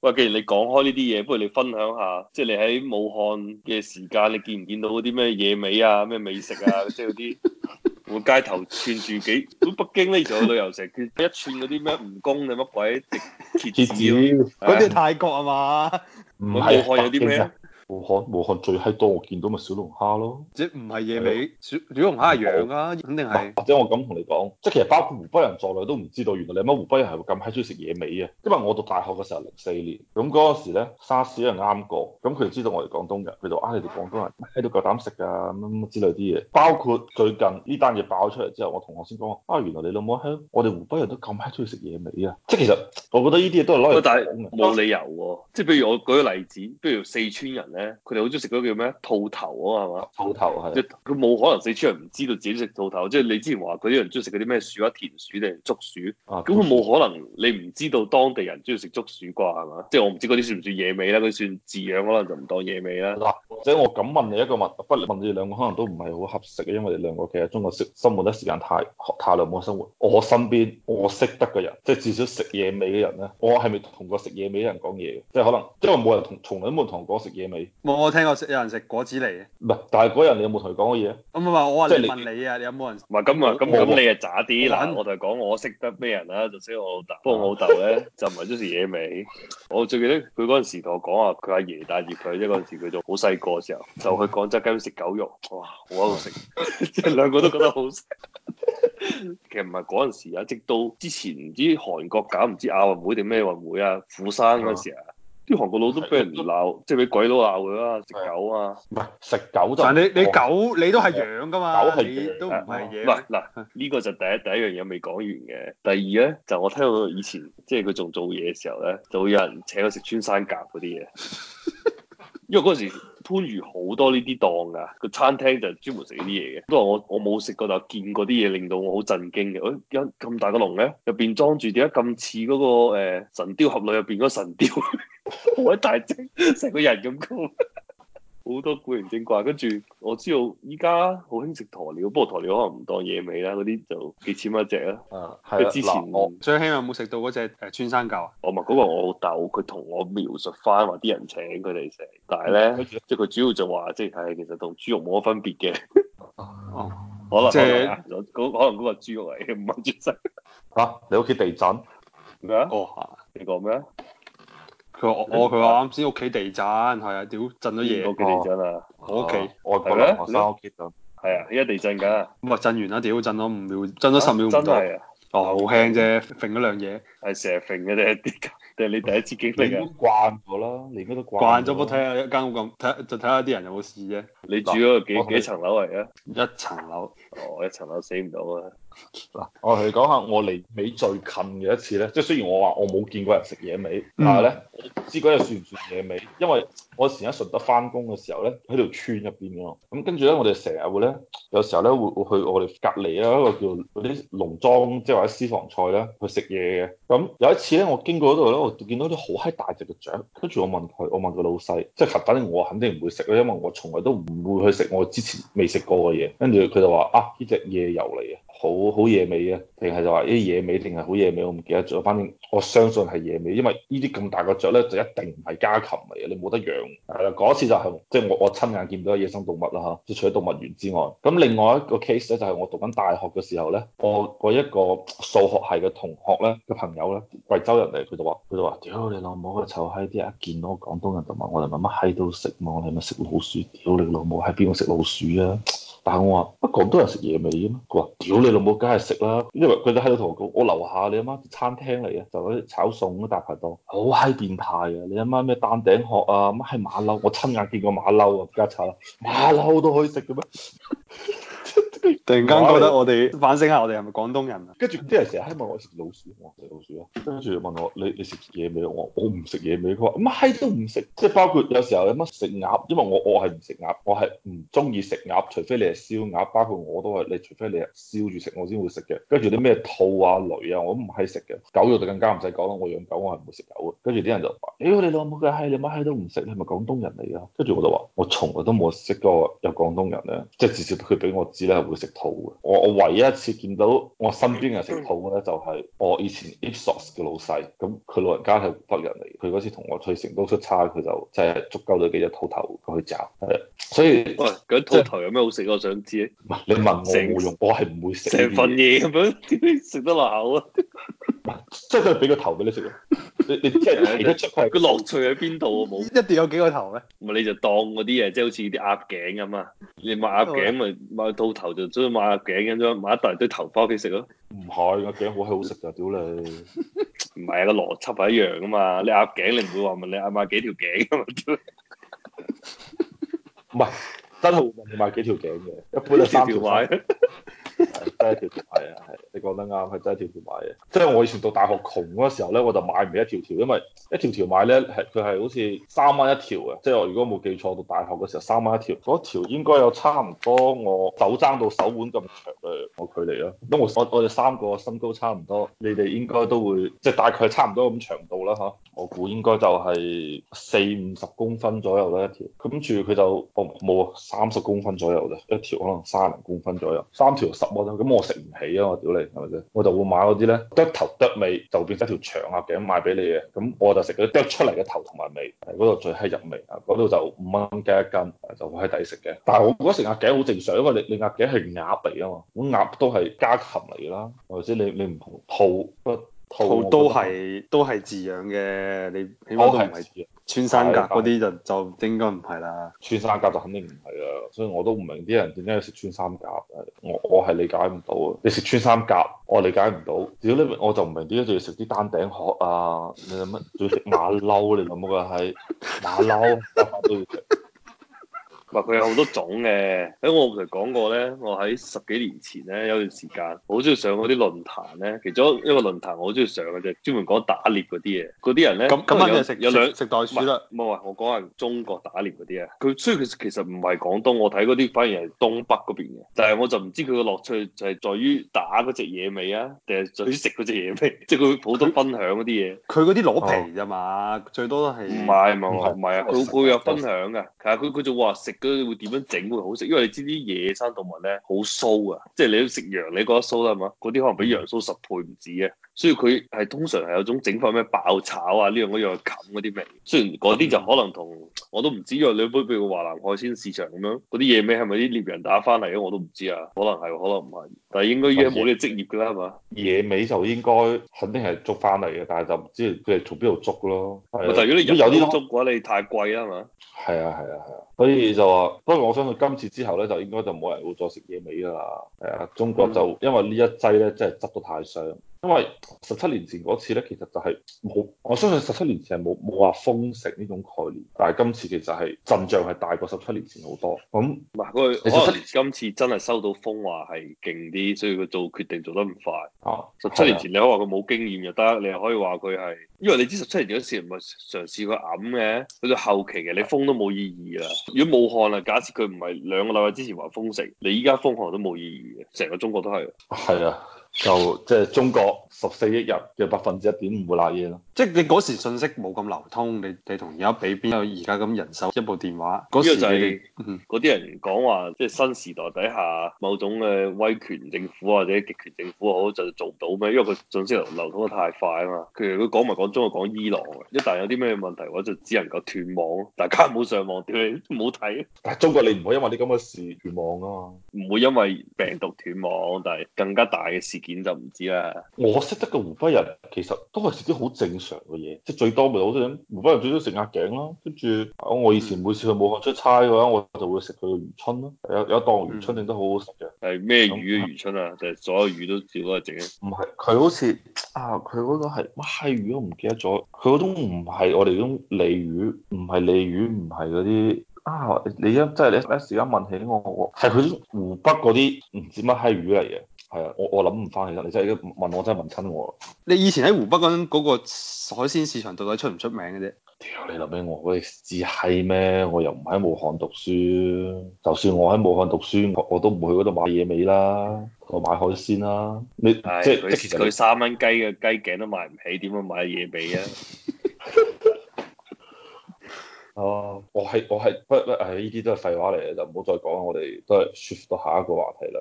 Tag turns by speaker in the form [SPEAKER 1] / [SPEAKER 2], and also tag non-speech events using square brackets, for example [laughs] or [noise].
[SPEAKER 1] 喂，既然你講開呢啲嘢，不如你分享下，即係你喺武漢嘅時間，你見唔見到嗰啲咩野味啊，咩美食啊， [laughs] 即係嗰啲會街頭串住幾？咁北京咧，以有旅遊城，佢一串嗰啲咩蜈蚣你乜鬼蠍子？嗰啲蜜、啊、泰國啊嘛？
[SPEAKER 2] 唔係，武漢有啲咩？武漢武漢最閪多，我見到咪小龍蝦咯，即唔係野味？啊、小小龍蝦係養㗎，肯定係。或者我咁同你講，即係其實包括湖北人在內都唔知道，原來你乜湖北人係會咁閪中意食野味嘅。因為我讀大學嘅時候零四年，咁嗰陣時咧沙士咧啱過，咁佢就知道我哋廣東人，佢就啊你哋廣東人、啊，喺度夠膽食㗎乜乜之類啲嘢。包括最近呢單嘢爆出嚟之後，我同學先講啊原來你老母喺我哋湖北人都咁閪中意食野味啊！即係其實我覺得呢啲嘢都係攞嚟冇理
[SPEAKER 1] 由喎、啊。即係譬如我舉個例子，譬如四川人咧，佢哋好中意食嗰個叫咩兔頭啊，係嘛？兔頭係，即係佢冇可能四川人唔知道自己食兔頭，即係你之前話佢啲人中意食嗰啲咩鼠啊，田鼠定竹鼠，咁佢冇可能你唔知道當地人中意食竹鼠啩，係嘛？即係我唔知嗰啲算唔算野味啦，佢算飼養可能就唔當野味啦。啊或者我敢問你一個問題，不
[SPEAKER 2] 論問你兩個，可能都唔係好合適嘅，因為你兩個其實中國生生活得時間太太耐，冇生活。我身邊我識得嘅人，即係至少食野味嘅人咧，我係咪同個食野味嘅人講嘢？即係可能，因為冇人同，從來都冇同我講食野味。
[SPEAKER 1] 冇，我聽過食有人食果子狸嘅。
[SPEAKER 2] 唔係，但係嗰人你有冇同佢講過嘢啊？唔，
[SPEAKER 1] 我話你問你啊，你有冇人？唔，咁啊，咁咁你係渣啲嗱，我就係講我識得咩人啦，就識 [laughs] 我老豆。不過我老豆咧就唔係咗食野味。我最記得佢嗰陣時同我講話，佢阿爺帶住佢，即係嗰陣時好細時候就去廣州街食狗肉，哇，好好食！即係兩個都覺得好食。 [laughs] 其實唔係嗰陣時啊，直到之前唔知韓國搞唔知亞、啊、運會定咩運會啊，釜山嗰陣時啊，啲韓國佬都俾人鬧，即係俾鬼佬鬧佢啦，食、嗯、狗啊！唔係食狗就，但係你你狗你都係養噶嘛，嗯、狗係是都唔係嘢。唔係嗱，呢、 [music] 啊啊這個就第一第一樣嘢未講完嘅。第二咧就我聽到以前即係佢仲做嘢嘅時候咧，就會有人請佢食穿山甲嗰啲嘢。 [laughs] 因為嗰陣時番禺好多呢啲檔噶，個餐廳就專門食呢啲嘢嘅。不過我我冇食過，但係見過啲嘢令到我好震驚嘅。誒、欸，點解咁大個籠咧，入邊裝住點解咁似嗰個誒神鵰俠侶入邊嗰個神鵰，好 [laughs] 一大隻，成個人咁高。好多古靈精怪，跟住，我知道依家好興食鴕鳥，不過鴕鳥可能唔當野味啦，嗰啲就幾千蚊一隻啦。啊，係之前我最興又冇食到嗰隻誒穿山甲啊。我咪嗰個我老豆佢同我描述翻話啲人請佢哋食，但係咧即係佢主要就話即係其實同豬肉冇乜分別嘅。哦，可能即係嗰可能嗰個豬肉嚟嘅，唔係穿山。嚇！你屋企地震咩？哦，你講咩？佢我我佢話啱先屋企地震，係啊，屌震咗嘢啊！我屋企外國咧，我翻屋企震，係啊，依家地震噶咁啊，震完啦，屌震咗五秒，震咗十秒唔到，真係啊，哦好輕啫，揈咗兩嘢，係成日揈嘅啫，定，係你第一次經歷啊？
[SPEAKER 2] 慣咗咯，連番都慣咗，慣咗，我睇下
[SPEAKER 1] 一間屋咁，睇就睇下啲人有冇事啫。你住嗰個幾幾層樓嚟啊？一層樓，哦一層樓死唔到啊！
[SPEAKER 2] 嗱，我同你講下我嚟尾，最近嘅一次咧，即係雖然我話我冇見過人食野味，但係咧我知嗰日算唔算野味？因為我時時時，嗯，我前一陣喺順德翻工，嘅時候咧，喺條村入邊嘅嘛。咁跟住咧，我哋成日會咧，有時候咧會會去我哋隔籬咧一個叫嗰啲農莊，即係或者私房菜咧去食嘢嘅。咁，嗯，有一次咧，我經過嗰度咧，我見到啲好閪大隻嘅雀。跟住我問佢，我問個老細，即係等，反正我肯定唔會食啦，因為我從來都唔會去食我之前未食過嘅嘢。跟住佢就話啊，呢隻夜遊嚟嘅。好好野味嘅，定係就話啲野味，定係好野味，我唔記得咗。反正我相信係野味，因為這這呢啲咁大個雀咧，就一定唔係家禽嚟嘅，你冇得養。係啦，嗰次就係、是、即係我我親眼見到野生動物啦吓，即、啊、係除咗動物園之外，咁另外一個 case 咧就係、是、我讀緊大學嘅時候咧，我我一個數學系嘅同學咧嘅朋友咧，貴州人嚟，佢就話佢就話：屌你老母個臭閪啲，一見到廣東人就問我哋問乜喺度食，問你哋咪食老鼠，屌你老母喺邊度食老鼠啊！但係我話。好多人食野味嘅咩？佢話：屌你老母，梗係食啦！因為佢哋喺度同我講，我樓下你阿媽餐廳嚟嘅，就嗰啲炒餸大排檔，好嗨變態啊！
[SPEAKER 1] 你阿媽咩丹頂鶴啊乜係馬騮？我親眼見過馬騮啊！家炒
[SPEAKER 2] 馬騮都可
[SPEAKER 1] 以食嘅咩？ [laughs] 突然間覺得我哋反省下，我哋係咪廣東人啊？跟住啲人
[SPEAKER 2] 成日希望我食老鼠，我食老鼠咯。跟住問我你你食嘢未？我我唔食嘢未？佢話乜都唔食，即係包括有時候有乜食鴨，因為我我係唔食鴨，我係唔中意食鴨，除非你係燒鴨。包括我都係，你除非你係燒住食，我先會食嘅。跟住啲咩兔啊、驢啊，我唔係食嘅。狗肉就更加唔使講啦，我養狗我係唔會食狗嘅。跟住啲人就話，哎，你老母嘅，係你乜閪都唔食，你係咪廣東人嚟啊？跟住我就話，我從來都冇識過有廣東人咧，即係至少佢俾我知咧。會食兔嘅，我我唯一一次見到我身邊嘅食兔咧，就係我以前 Ipsos 嘅老細，咁佢老人家係北人嚟，佢嗰次同我去成都出差，佢就即係捉鳩咗幾隻兔頭去食，所以喂，
[SPEAKER 1] 嗰啲兔頭，就係，有咩好食？我想知。唔
[SPEAKER 2] 係你問我，整我係唔會食成份嘢咁
[SPEAKER 1] 樣，點會食得落口啊？即係俾個頭俾你食咯。 [laughs] 你真係得出個樂 [laughs] 趣喺邊度啊？冇 [laughs] 一定有幾個頭咩、啊？唔係你就當嗰啲嘢，即係好似啲鴨頸咁啊！你買鴨頸咪買到頭就買到頸，就將買鴨頸跟住買一大堆頭返屋企食咯。唔係個頸好係好食噶，屌你！唔係啊，個邏輯係一樣噶嘛。你鴨頸你唔會話問你， [laughs] 你買幾條頸噶嘛？
[SPEAKER 2] 唔係真係會問你買幾條頸嘅，一般係三條買。 [laughs] 即係一條條買嘅，係你講得啱，係即係一條條買嘅。即係我以前讀大學窮嗰時候咧，我就買唔起一條條，因為一條條買咧，係佢係好似三蚊一條嘅。即係我如果冇記錯，讀大學嘅時候三蚊一條，嗰條應該有差唔多我手踭到手腕咁長嘅個距離咯。咁我我我哋三個身高差唔多，你哋應該都會即係大概差唔多咁長度啦，吓。我估應該就係四五十公分左右咧一條，咁住佢就哦冇啊，三十公分左右啫，一條可能三零公分左右，三條十蚊，咁我食唔起啊！我屌你係咪啫？我就會買嗰啲咧，剁頭剁尾就變咗條長鴨、啊、頸賣俾你嘅，咁我就食咗啲剁出嚟嘅頭同埋尾，嗰度最閪入味啊！嗰度就五蚊雞一斤，就閪抵食嘅。但係我覺得食鴨頸好正常，因為你你鴨頸係鴨鼻啊嘛，咁鴨都係家禽嚟啦，或者你你唔同兔不？都係
[SPEAKER 1] 都係自養嘅，你起碼都唔係穿山甲嗰啲就是就應該唔係啦，穿山甲就肯定唔係啦，所以我都
[SPEAKER 2] 唔明啲人點解要食穿山甲，我我係理解唔到啊，你食穿山甲我理解唔到，屌你，我就唔明點解仲要食啲丹頂鶴啊，你諗乜仲要食馬騮嚟？咁嘅係，馬騮乜
[SPEAKER 1] 都要食。 [laughs] [laughs] 佢有好多種嘅，喺我其實講過咧，我喺十幾年前咧有段時間，好中意上嗰啲論壇咧。其中一個論壇我好中意上嘅啫，專門講打獵嗰啲嘢。嗰啲人咧，咁咁乜嘢食？有兩食袋鼠啦。冇係，我講下中國打獵嗰啲啊。佢雖然其實唔係廣東，我睇嗰啲反而係東北嗰邊嘅。但係我就唔知佢嘅樂趣就係在於打嗰隻野味啊，定係在於食嗰隻野味？即係佢普通分享嗰啲嘢。佢嗰啲攞皮咋嘛？最多都係唔係唔係唔係啊！佢佢有分享嘅，其實佢佢就話食。佢會點樣整會好食？因為你知啲野生動物咧好騷啊，即係你要食羊，你覺得騷啦係嘛？嗰啲可能比羊騷十倍唔止啊！所以佢係通常係有種整法，咩爆炒啊，呢樣嗰樣，去冚嗰啲味。雖然嗰啲就可能同我都唔知，因為你比如華南海鮮市場咁樣，嗰啲野味係咪啲獵人打翻嚟嘅，我都唔知啊。可能係，可能唔係，但係應該，應該冇呢個職業㗎啦嘛。野
[SPEAKER 2] 味就應該肯定係捉翻嚟嘅，但係就唔知佢係從邊度捉咯。但如果你，如果有啲捉嘅
[SPEAKER 1] 話，你太貴啦嘛。
[SPEAKER 2] 係啊，係啊，係啊，所以就話，不過我相信今次之後咧，就應該就冇人會再食野味㗎啦。係啊，中國就、嗯、因為呢一劑咧，真係執到太傷。因為十七年前嗰次咧，其實就係冇，我相信十七年前係冇冇話封城呢種概念，但係今次其實係陣仗係大過十七年前好多。咁
[SPEAKER 1] 唔係佢，十七可今次真係收到風話係勁啲，所以佢做決定做得唔快。哦、
[SPEAKER 2] 啊，十七年前你
[SPEAKER 1] 可以話佢冇經驗就得，的你又可以話佢係，因為你知十七年前嗰時咪嘗試佢揞嘅，去到後期嘅你封都冇意義啦。如果武漢啦，假設佢唔係兩個禮拜之前話封城，你依家封行都冇意義嘅，成個中國都係。係啊。就即係，就是，中國十四億人嘅百分之一點五會賴嘢咯。即係你嗰時信息冇咁流通，你你同而家比，邊有而家咁人手一部電話。嗰就係啲，嗯、人講話，即係新時代底下某種嘅威權政府或者極權政府好就做唔到咩？因為佢信息流流通得太快啊嘛。佢如佢講埋講中國講伊朗一旦有啲咩問題嘅話，或者就只能夠斷網，大家唔好上網，唔好睇，啊。但係中國你唔會因為啲咁嘅事斷網啊嘛，唔 [laughs] 會因為病毒斷網，但係更加大嘅事。件就唔知啦。
[SPEAKER 2] 我識得個湖北人，其實都係食啲好正常嘅嘢，即係最多咪好多人湖北人最中意食鴨頸咯、啊。跟住我以前每次去武漢出差嘅話，我就會食佢嘅魚春咯。有有檔魚春整都好好食嘅，係咩魚嘅魚春啊？就係所有魚都照不過整。唔係佢好似啊，佢嗰、啊、個係乜魚，我唔記得咗。佢嗰種唔係我哋嗰種鯉魚，唔係鯉魚，唔係嗰啲。啊！你一即係你一時間問起我，係佢湖北嗰啲唔知乜閪魚嚟嘅，係啊！我我諗唔翻其實，你真係一問我，
[SPEAKER 1] 我真係問親我。你以前喺湖北嗰陣個海鮮市場到底出唔出名嘅啫？
[SPEAKER 2] 屌你諗俾我，我知閪咩？我又唔喺武漢讀書，就算我喺武漢讀書，我都唔去嗰度買野味啦，我買海鮮啦。你唉即係，他即使佢
[SPEAKER 1] 三蚊雞嘅雞頸都買唔起，點樣買野味啊？ [laughs]
[SPEAKER 2] 哦、oh，我係，我係，不不，係呢啲都係廢話嚟嘅，就唔好再講啦。我哋都係轉到下一個話題啦。